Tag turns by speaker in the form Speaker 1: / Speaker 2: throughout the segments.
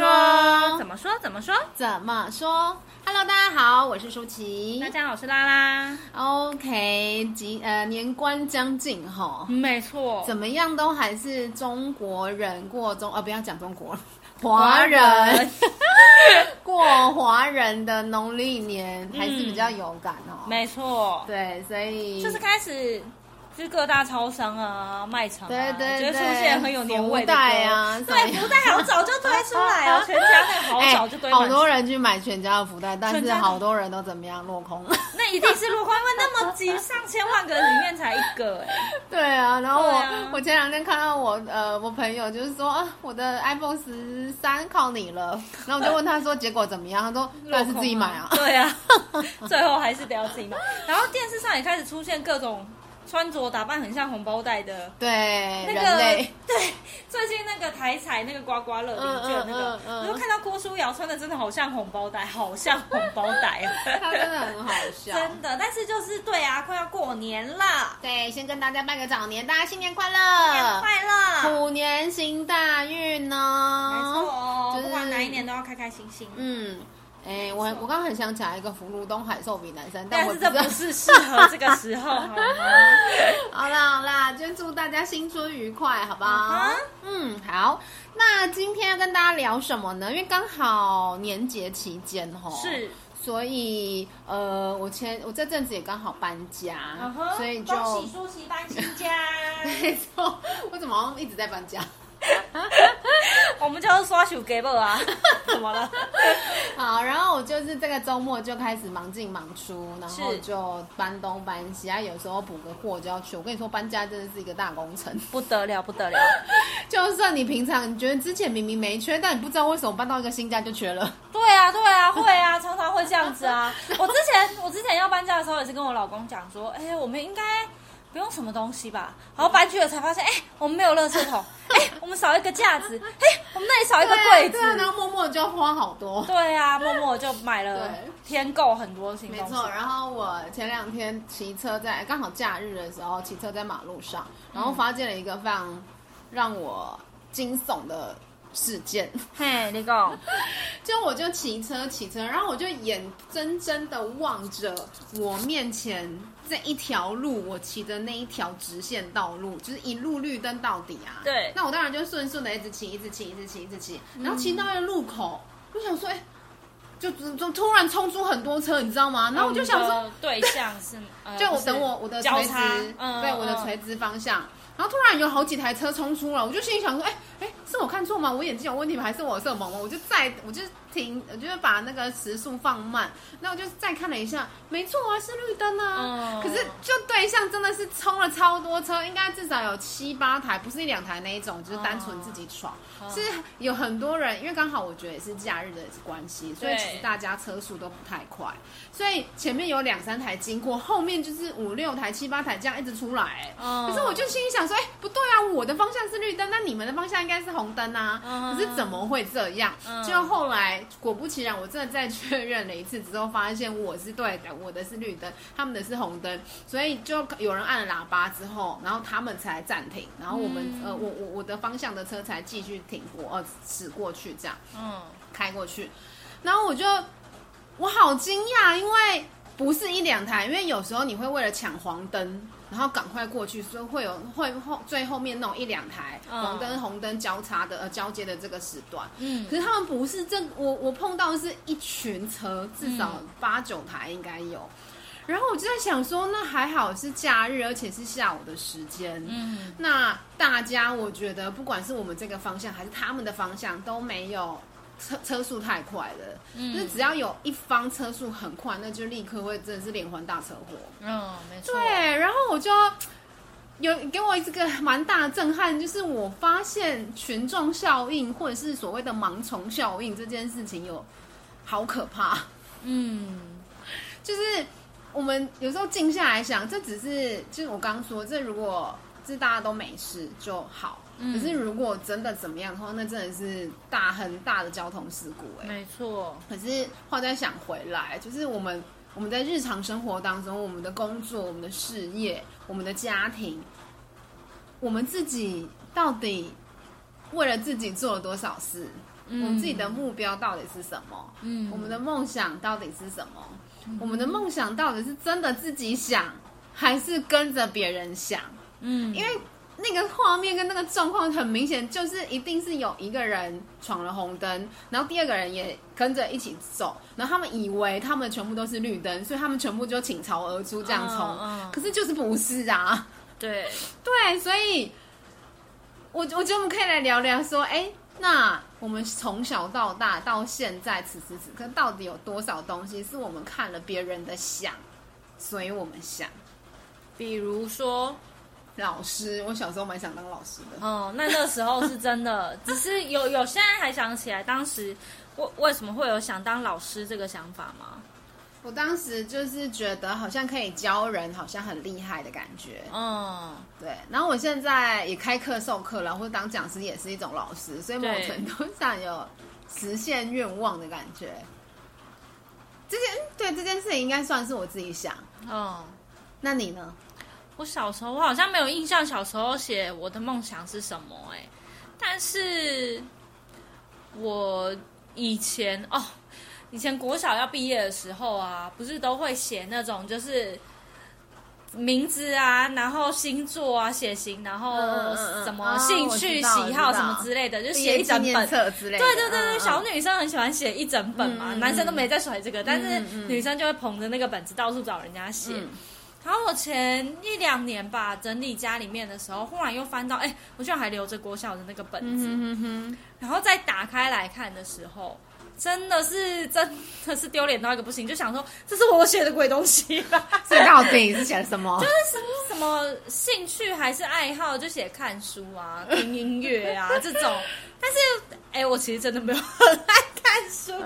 Speaker 1: 說怎麼說怎麼說怎麼說，怎麼說？Hello，大家好，我是舒娸。大家好，我是拉拉。OK，呃年關將近哈，吼沒錯，怎麼樣都還是中國人過中，呃，不要講中國了，華人，華人 過華人的農曆年還是比較有
Speaker 2: 感哦。嗯、吼沒錯，對，所以就是開始。就是各大超商啊、賣場，對對對，覺得出現很有年味的啊，對，福袋好早就推出來啊，全家那好早就堆。哎，好多人
Speaker 1: 去買全家的福袋，但是好多人都怎麼樣落空了。
Speaker 2: 那一定是落空，因為那麼急，上千萬個裡面才一個
Speaker 1: 哎。對啊，然後我我前兩天看到我呃我朋友就是說啊，我的 iPhone 十三靠你了，然後我就問他說結果怎麼樣，他說落空，還是自己買啊？對啊，
Speaker 2: 最後還是得要自己買。然後電視上也開始出現各種。穿着打扮很像紅包袋的，
Speaker 1: 對，那個，類對，
Speaker 2: 最近那個台彩那個刮刮樂領券、呃呃呃呃、那個，呃呃呃我就看到郭書瑤穿得真的好像紅包袋，好像紅包袋， 他真的很
Speaker 1: 好笑， 真的。但是就是對啊，快要過年了，對，先跟大家拜個早年，大家新年快樂，新年快樂，虎年行大運哦，沒錯、哦，就是、不管哪一年都要
Speaker 2: 開開心心，嗯。
Speaker 1: 哎、欸，我錯我剛剛很想講一個福如東海，壽比南山，但我但這不是適合這個時候。 好，嗎好啦好啦，今天祝大家新春愉快，好不好？Uh huh. 嗯，好。那今天要跟大家聊什麼呢？因為剛好年節期間吼，是，所以呃，我前我這陣子也剛好搬家，uh huh. 所以就恭喜
Speaker 2: 舒娸搬
Speaker 1: 新家。 沒錯，我怎麼一直在搬家？啊、蛤 我們就要刷手機不啊？ 怎麼了？好，然後我就是這個周末就開始忙進忙出，然後就搬東搬西啊。有時候補個貨就要去，我跟你說搬家真的是一個大工程，不得了不得了。得了 就算你平常你覺得之前明明沒缺，但你不知道為什麼搬到一個新家就缺了。
Speaker 2: 對啊對啊會啊，常常會這樣子啊。
Speaker 1: 我之前我之前要
Speaker 2: 搬家的時候，也是跟我老公講說，哎、欸、呀，我們應該，不用什麼東西吧，然後搬去了才發現，哎、欸，我們沒有垃圾桶。哎、 欸，我們少一個架子。哎、欸，我們那裡少一個櫃子。對啊，對啊，然後
Speaker 1: 默默就花好多。對啊，默默就買了添購很多新東西。沒錯，然後我前兩天騎車在剛好假日的時候騎車在馬路上，然後發現了一個非常讓我驚悚的事件。嘿、嗯，你講，就我就騎車騎車，然後我就眼睜睜的望着我面前這一條路，我騎的那一條直線道路，就是一路綠燈到底啊。對，那我當然就順順的一直騎，一直騎，一直騎，一直騎。然後騎到那個路口，我、嗯、想說，哎、欸，就就，就突然衝出很多車，你知道嗎？然後我就想說，嗯、
Speaker 2: 對象對是、呃、就我等我是是我的垂直，對、嗯、我的垂直
Speaker 1: 方向。然後突然有好幾台車衝出了，我就心裡想說，哎、欸、哎、欸，是我看錯嗎？我眼睛有問題嗎？還是我有色盲嗎？我就再我就。停，我就是把那個時速放慢。那我就再看了一下，沒錯啊，是綠燈啊。嗯、可是就對向真的是衝了超多車，應該至少有七八台，不是一兩台那一種，就是單純自己闖。是、嗯嗯、有很多人，因為剛好我覺得也是假日的關係，所以其實大家車速都不太快。對所以前面有兩三台經過，後面就是五六台、七八台這樣一直出來、欸。哦、嗯。可是我就心裡想說，哎、欸，不對啊，我的方向是綠燈，那你們的方向應該是紅燈啊。嗯、可是怎麼會這樣？嗯、就後來。果不其然，我真的再確認了一次之後，發現我是對的，我的是綠燈，他們的是紅燈，所以就有人按了喇叭之後，然後他們才暫停，然後我們、嗯、呃，我我我的方向的車才繼續停過，呃，駛過去這樣，嗯，開過去，然後我就我好驚訝，因為。不是一兩台，因為有時候你會為了搶黃燈，然後趕快過去，所以會有會後最後面弄一兩台、哦、黃燈紅燈交叉的呃交接的這個時段。嗯，可是他們不是這我我碰到的是一群車，至少八九台應該有，嗯、然後我就在想說，那還好是假日，而且是下午的時間。嗯，那大家我覺得，不管是我們這個方向還是他們的方向都沒有。車車速太快了，嗯，就是只要有一方車速很快，那就立刻會真的是連環大車禍。嗯，哦，沒錯。對，然後我就有給我一個蠻大的震撼，就是我發現群眾效應或者是所謂的盲從效應這件事情有好可怕。嗯，就是我們有時候靜下來想，這只是就是我剛剛說，這如果這大家都沒事就好。可是，如果真的怎麼樣的話，那真的是大很大的交通事故哎。沒錯。可是，話再想回來，就是我們我們在日常生活當中，我們的工作、我們的事業、我們的家庭，我們自己到底為了自己做了多少事？嗯。我們自己的目標到底是什麼？嗯。我們的夢想到底是什麼？嗯。我們的夢想到底是真的自己想，還是跟着別人想？嗯。因為。那個畫面跟那個狀況很明顯，就是一定是有一個人闖了紅燈，然後第二個人也跟着一起走，然後他們以為他們全部都是綠燈，所以他們全部就傾巢而出這樣衝，uh, uh. 可是就是不是啊？對 對，所以，我我覺得我們可以來聊聊，說，哎、欸，那我們從小到大到現在，此時此，此刻，到底有多少東西是我們看了別人的想，所以我們想，比如說。老師，我小時候蠻想當老師的。
Speaker 2: 哦、嗯，那那時候是真的， 只是有有現在還想起來，當時
Speaker 1: 為為什麼會有
Speaker 2: 想當老師這個想法嗎？
Speaker 1: 我當時就是覺得好像可以教人，好像很厲害的感覺。嗯，
Speaker 2: 對。
Speaker 1: 然後我現在也開課授課了，或者當講師也是一種老師，所以某程度上有實現願望的感覺。對這件對這件事應該算是我自己想。哦、嗯，那你呢？
Speaker 2: 我小時候，我好像沒有印象。小時候寫我的夢想是什麼？欸？哎，但是，我以前哦，以前國小要畢業的時候啊，不是都會寫那種就是名字啊，然後星座啊，血型，然後什麼興趣、嗯嗯啊、喜好什麼之類的，就寫一整本。畢業紀念冊之類的對對對對，小女生很喜歡寫一整本嘛，嗯嗯、男生都沒在甩這個，嗯、但是女生就會捧着那個本子到處找人家寫。嗯然後我前一兩年吧，整理家裡面的時候，忽然又翻到，哎、欸，我居然還留着國小的那個本子，嗯、哼哼然後再打開來看的時候，真的是真的是丟臉到一個不行，就想說這是我寫的鬼東西吧。所以到底你是寫 什麼？就是什麼興趣還是愛好，就寫看書啊、聽音、音樂啊這種。但是，哎、欸，我其實真的沒有很愛看書，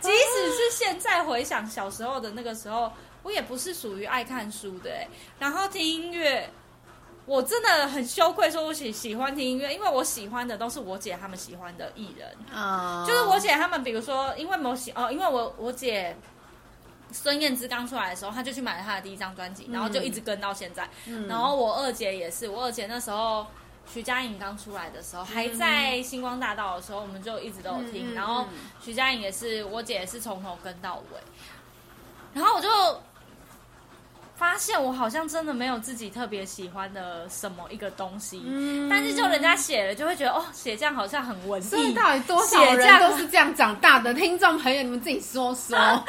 Speaker 2: 即使是現在回想小時候的那個時候。我也不是屬於愛看書的哎、欸，然後聽音樂，我真的很羞愧，說我喜喜歡聽音樂，因為我喜歡的都是我姐他們喜歡的藝人啊。Oh. 就是我姐他們，比如說，因為某喜哦，因為我我姐孫燕姿剛出來的時候，她就去買了她的第一張專輯，嗯、然後就一直跟到現在。嗯、然後我二姐也是，我二姐那時候徐佳瑩剛出來的時候，還在星光大道的時候，我們就一直都有聽。嗯嗯嗯然後徐佳瑩也是，我姐也是從頭跟到尾，然後我就。發現我好像真的沒有自己特別喜歡的什麼一個東西，嗯，但是就人家寫了，就會覺得哦，寫這樣好像很文藝。所以到底多少寫這樣人都是這樣
Speaker 1: 長大的？聽眾朋友，你們自己說說。
Speaker 2: 然後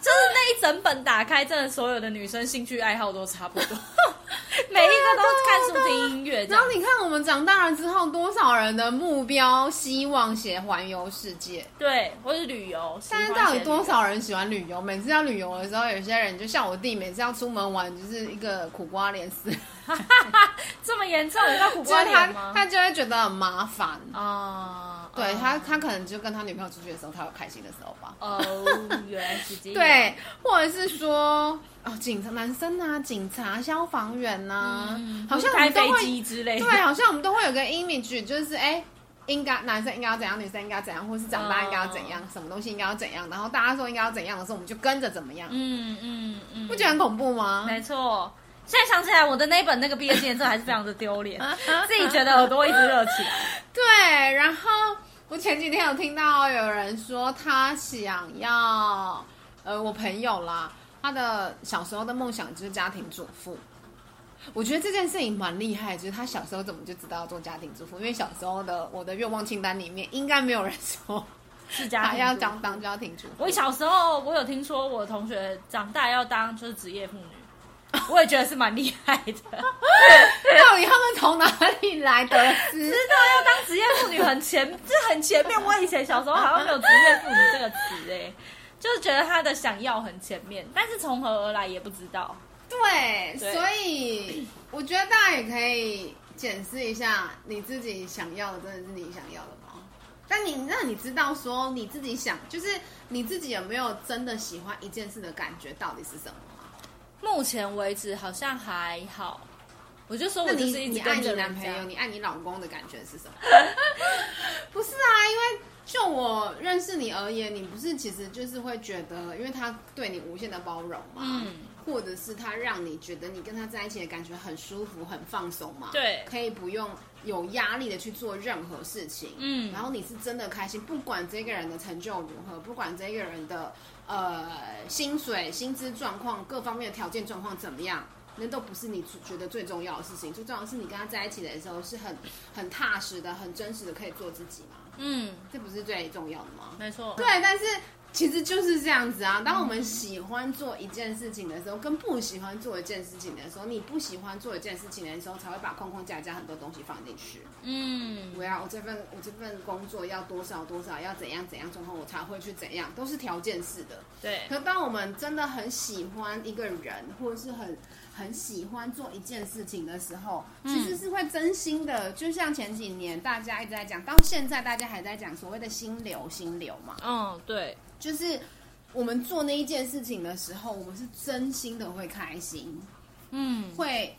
Speaker 2: 就是那一整本打開，真的所有的女生興趣愛好都差不多。
Speaker 1: 然後你看，我們長大了之後，多少人的目標希望寫環遊世界，對，
Speaker 2: 或是旅遊。但是到底多
Speaker 1: 少人喜歡旅遊？每次要旅遊的時候，有些人就像我弟，每次要出門玩就是一個苦瓜臉，
Speaker 2: 這麼嚴重一個苦瓜臉，他
Speaker 1: 他就會覺得很麻煩啊。嗯對他，他可能就跟他女朋友出去的時候，他有開心的時候吧。哦，原來是這樣。 對，或者是說，哦，警察男生吶、啊，警察、消防員吶、啊，嗯、好像我們都會開飛機之類的，對，好像我們都會有個 image，就是哎，應該男生應該要怎樣，女生應該要怎樣，或是長大應該要怎樣，嗯、什麼東西應該要怎樣，然後大家說應該要怎樣的時候，我們就跟着怎麼樣。
Speaker 2: 嗯
Speaker 1: 嗯，不覺得很恐怖嗎？沒錯。現在想起來，我的那本那個畢業紀念冊還是非常的丟臉
Speaker 2: 啊，自己覺得耳朵一直熱起來
Speaker 1: 對，然後。我前幾天有聽到有人說，他想要，呃，我朋友啦，他的小時候的夢想就是家庭主婦。我覺得這件事情蠻厲害，就是他小時候怎麼就知道要做家庭主婦？因為小時候的我的願望清單裡面，應該沒有人說，是家庭主婦。他要當當家庭主婦。我小時候，我有聽說我同學長大要
Speaker 2: 當就是職業婦女。我也覺得是蠻厲
Speaker 1: 害的。 對，對到底他們從
Speaker 2: 哪裡來得知？ 知道要當職業婦女很前，就 很前面。我以前小時候好像沒有職業婦女這個詞哎，就是覺得他的想要很前面，但是從何而來也不知道。對，
Speaker 1: 對所以我覺得大家也可以檢視一下，你自己想要的真的是你想要的嗎？但你那你知道說你自己想，就是你自己有沒有真的喜歡一件事的感覺，到底是什麼？
Speaker 2: 目前為止好像還好，我就說我就是一直，是你，你愛你男朋
Speaker 1: 友，你愛你老公的感覺是什麼？ 不是啊，因為就我認識你而言，你不是其實就是會覺得，因為他對你無限的包容嘛，嗯，或者是他讓你覺得你跟他在一起的感覺很舒服、很放鬆嘛，對，可以不用有壓力的去做任何事情，嗯，然後你是真的開心，不管這個人的成就如何，不管這個人的。呃，薪水、薪資狀況、各方面的條件狀況怎麼樣？那都不是你覺得最重要的事情，最重要的是你跟他在一起的時候是很很踏實的、很真實的，可以做自己嗎？嗯，這不是最重要的嗎？沒錯。對，但是。其實就是這樣子啊，當我們喜歡做一件事情的時候，嗯、跟不喜歡做一件事情的時候，你不喜歡做一件事情的時候，才會把框框架架很多東西放進去。嗯，我要，我這份我這份工作要多少多少，要怎樣怎樣之後，我才會去怎樣，都是條件式的。對。可當我們真的很喜歡一個人，或者是很。很喜歡做一件事情的時候，其實是會真心的。嗯，就像前幾年大家一直在講，到現在大家還在講所謂的心流，心流嘛。嗯，哦，對，就是我們做那一件事情的時候，我們是真心的會開心，嗯，會。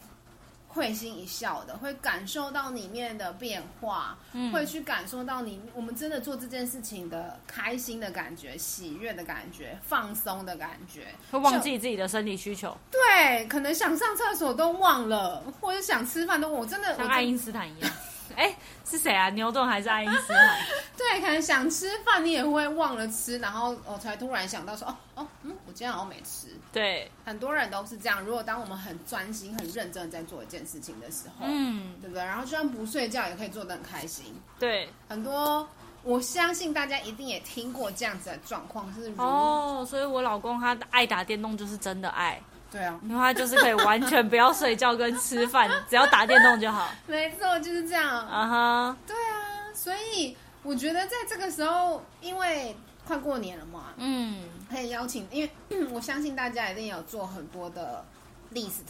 Speaker 1: 會心一笑的，會感受到裡面的變化，嗯、會去感受到你我們真的做這件事情的開心的感覺、喜悅的感覺、放鬆的感覺，會忘記自己的身體需求。對，可能想上廁所都忘了，或者想吃飯都……我真的和愛因斯坦一樣。
Speaker 2: 哎、欸，是誰啊？牛頓還是愛因斯坦？
Speaker 1: 對，可能想吃飯，你也會忘了吃，然後我才突然想到說，哦哦，嗯，我今天好像沒吃。對，很多人都是這樣。如果當我們很專心、很認真在做一件事情的時候，嗯，對不對？然後就算不睡覺，也可以做得很開心。對，很多我相信大家一定也聽過這樣子的狀況，就是哦。
Speaker 2: Oh, 所以，我老公他愛打電動，就是真的愛。對啊，因為他就是可以完全不要睡覺跟吃飯， 只要打電動就好。
Speaker 1: 沒錯，就是這樣。啊哈、uh。Huh、對啊，所以我覺得在這個時候，因為快過年了嘛，嗯，可以邀請，因為我相信大家一定有做很多的 list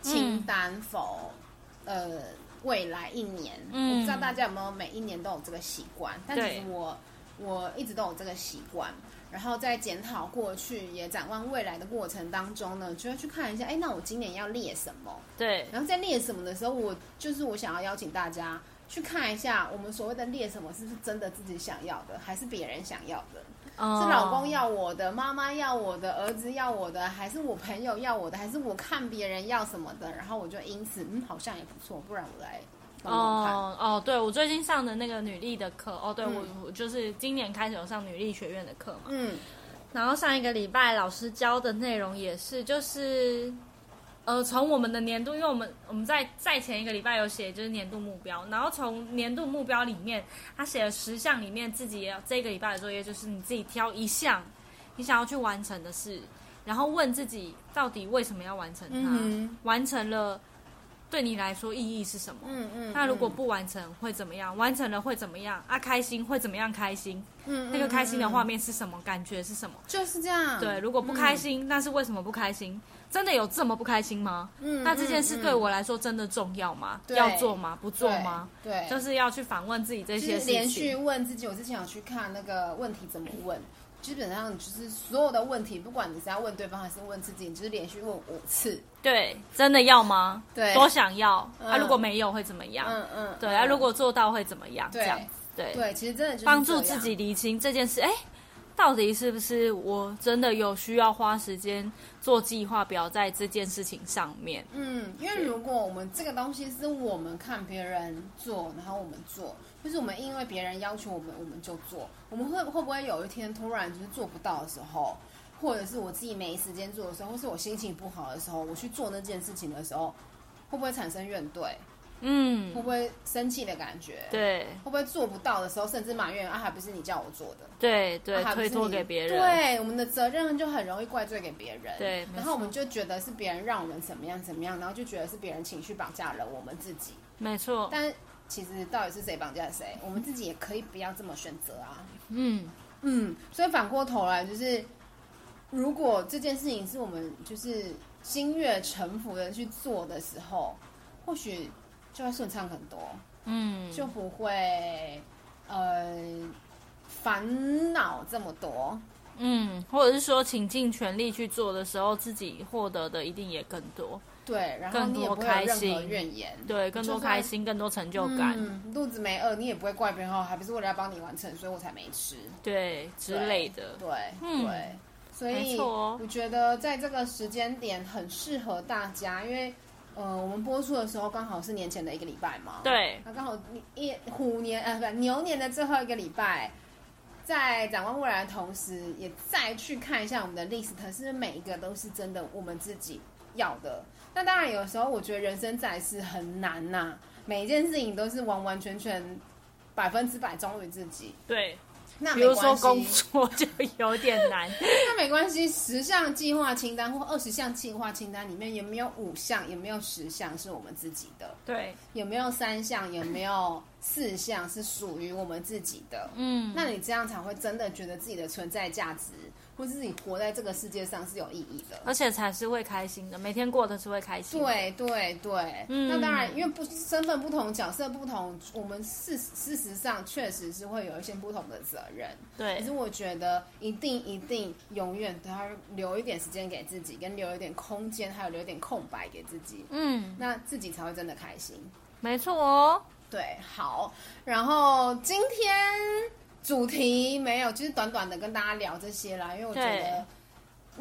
Speaker 1: 清單否、嗯？呃，未來一年，嗯、我不知道大家有沒有每一年都有這個習慣，但是我。我一直都有這個習慣，然後在檢討過去、也展望未來的過程當中呢，就會去看一下，哎，那我今年要列什麼？對，然後在列什麼的時候，我就是我想要邀請大家去看一下，我們所謂的列什麼，是不是真的自己想要的，還是別人想要的？哦，是老公要我的，媽媽要我的，兒子要我的，還是我朋友要我的，還是我看別人要什麼的？然後我就因此，嗯，好像也不錯，不然我來。哦
Speaker 2: 哦，對，我最近上的那個女力的課，哦，對、嗯、我，我就是今年開始有上女力學院的課嘛，嗯，然後上一個禮拜老師教的內容也是，就是，呃，從我們的年度，因為我們我們在在前一個禮拜有寫就是年度目標，然後從年度目標裡面，他寫了十項裡面，自己也要這個禮拜的作業就是你自己挑一項你想要去完成的事，然後問自己到底為什麼要完成它，嗯、哼完成了。對你來說意義是什麼？嗯嗯。那如果不完成會怎麼樣？完成了會怎麼樣？啊，開心會怎麼樣？開心，嗯，那個開心的畫面是什麼？感覺是什麼？就是這樣。對，如果不開心，那是為什麼不開心？真的有這麼不開心嗎？嗯。那這件事對我來說真的重要嗎？要做嗎？不做嗎？對。就是要去反問自己這些事情。連續
Speaker 1: 問自己，我之前有去看那個問題怎麼問。基本上就是所有的問題，不管你是要問對方還是問自己，你就是連續問五次。
Speaker 2: 對，真的要嗎？對，多想
Speaker 1: 要。他、嗯啊、如果
Speaker 2: 沒有會怎麼
Speaker 1: 樣？嗯嗯。嗯嗯對，他、嗯啊、如
Speaker 2: 果做到會怎麼樣？對這樣子。對。對，其實
Speaker 1: 真的就是幫助自己
Speaker 2: 理清這件事。哎、欸。到底是不是我真的有需要花時間做計劃表在這件事情上面？
Speaker 1: 嗯，因為如果我們這個東西是我們看別人做，然後我們做，就是我們因為別人要求我們，我們就做，我們會會不會有一天突然就是做不到的時候，或者是我自己沒時間做的時候，或是我心情不好的時候，我去做那件事情的時候，會不會產生怨懟？嗯，會不會生氣的感覺？對，會不會做不到的時候，甚至埋怨啊？還不是你叫我做的？對對，推脫給別人。對，我們的責任就很容易怪罪給別人。對，然後我們就覺得是別人讓我們怎麼樣怎麼樣，然後就覺得是別人情緒綁架了我們自己。沒錯，但其實到底是誰綁架了誰？我們自己也可以不要這麼選擇啊。嗯嗯，所以反過頭來，就是如果這件事情是我們就是心悅誠服的去做的時候，或許。就會順暢很多，嗯，就不會，呃，煩惱這麼多，
Speaker 2: 嗯，或者是說，傾盡全力去做的時候，自己獲得的一定也更多，對，
Speaker 1: 然後你也不會有任何怨言，對，更多開心，就
Speaker 2: 是、更多成就感、嗯。
Speaker 1: 肚子沒餓，你也不會怪別人，哦，還不是為了要幫你完成，所以我才沒吃，
Speaker 2: 對之類的，對，對，
Speaker 1: 嗯、對所以沒錯、哦、我覺得在這個時間點很適合大家，因為。呃，我們播出的時候剛好是年前的一個禮拜嘛，對，那剛、啊、好一,一虎年呃，不牛年的最後一個禮拜，在展望未來的同時，也再去看一下我們的 list，可是每一個都是真的，我們自己要的。那當然，有時候我覺得人生在世很難吶、啊，每一件事情都是完完全全百分之百忠於自己，對。那沒關係，比如說
Speaker 2: 工作就有點難，
Speaker 1: 那沒關係。十項計劃清單或二十項計劃清單裡面也沒有五項，也沒有十項是我們自己的，對，也沒有三項，也沒有四項是屬於我們自己的。嗯，那你這樣才會真的覺得自己的存在價值。或者自己活在這個世界上是有意義的，而
Speaker 2: 且才是會開心的，每天過都是會開心的。對
Speaker 1: 對對，嗯、那當然，因為不身份不同，角色不同，我們事事實上確實是會有一些不同的責任。對，可是我覺得一定一定永遠都要留一點時間給自己，跟留一點空間，還有留一點空白給自己。嗯，那自己才會真的開心。沒錯哦，對，好，然後今天。主題沒有，就是短短的跟大家聊這些啦，因為我覺得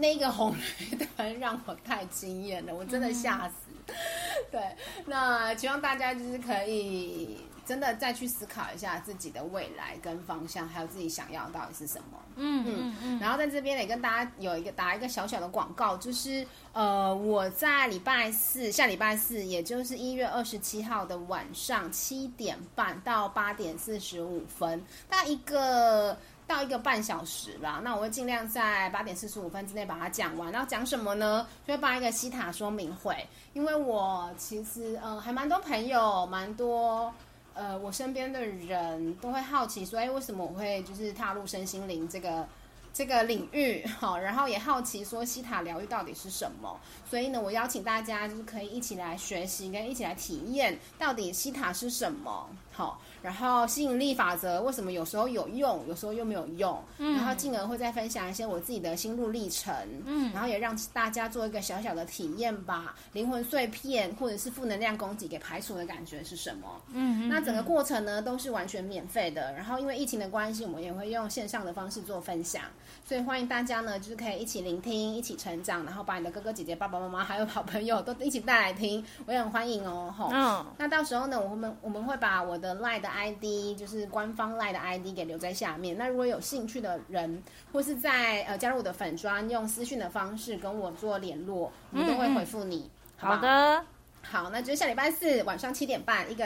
Speaker 1: 對那個紅雷燈讓我太驚艷了，我真的嚇死。嗯、 對，那希望大家就是可以，真的再去思考一下自己的未來跟方向，還有自己想要的到底是什麼。嗯嗯嗯。嗯，然後在這邊也跟大家有一個打一個小小的廣告，就是呃，我在禮拜四下禮拜四，也就是一月二十七號的晚上七點半到八點四十五分，大概一個到一個半小時吧。那我會盡量在八點四十五分之內把它講完。然後講什麼呢？就會辦一個希塔說明會，因為我其實呃，還蠻多朋友，蠻多。呃，我身邊的人都會好奇說：“哎，為什麼我會就是踏入身心靈這個這個領域？好、哦，然後也好奇說，希塔療癒到底是什麼？所以呢，我邀請大家就是可以一起來學習，跟一起來體驗到底希塔是什麼。哦”好。然後吸引力法則為什麼有時候有用，有時候又沒有用？嗯、然後進而會再分享一些我自己的心路歷程，嗯，然後也讓大家做一個小小的體驗吧，靈魂碎片或者是負能量供給給排除的感覺是什麼？嗯，那整個過程呢、嗯、都是完全免費的。然後因為疫情的關係，我們也會用線上的方式做分享，所以歡迎大家呢就是可以一起聆聽，一起成長，然後把你的哥哥姐姐、爸爸媽媽還有好朋友都一起帶來聽，我也很歡迎哦。吼，嗯、哦，那到時候呢，我們我們會把我的 Line。ID 就是官方賴的 ID 給留在下面。那如果有興趣的人，或是在呃加入我的粉專，用私訊的方式跟我做聯絡，我、嗯、都會回復你。嗯、好，好，好的，好，那就下禮拜四晚上七點半一個。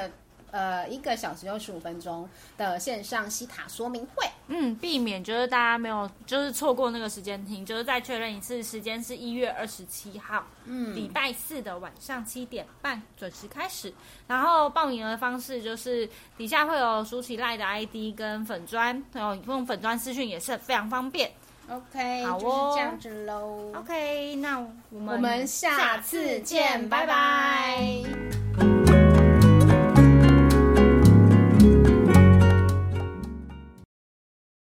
Speaker 1: 呃，一個小時六十五分鐘的線上希塔說明會。嗯，避
Speaker 2: 免就是大家沒有就是錯過那個時間聽，就是再確認一次時間是一月二十七號，嗯，禮拜四的晚上七點半準時開始。然後報名的方式就是底下會有舒娸賴的 ID 跟粉專，然後用粉專私訊也是非常方便。OK，好、哦、就是這樣子嘍。OK，那我們，
Speaker 1: 我們下次見，拜拜。拜拜。